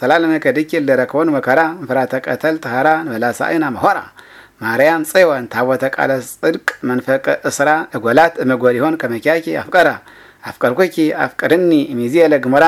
ተላለመከድኪ ልደረከቦን መከራ እንፍራተ ቀተል ተሃራ መላሳይና መሆራ ማርያም ጽዮን ታቦተ ቃለ ጽድቅ መንፈቀ እስራ እጎላት እመጎሪሆን ከመኪያኪ አፍቀራ አፍቀርኩኪ አፍቀርኒ ሚዜ ለግሞራ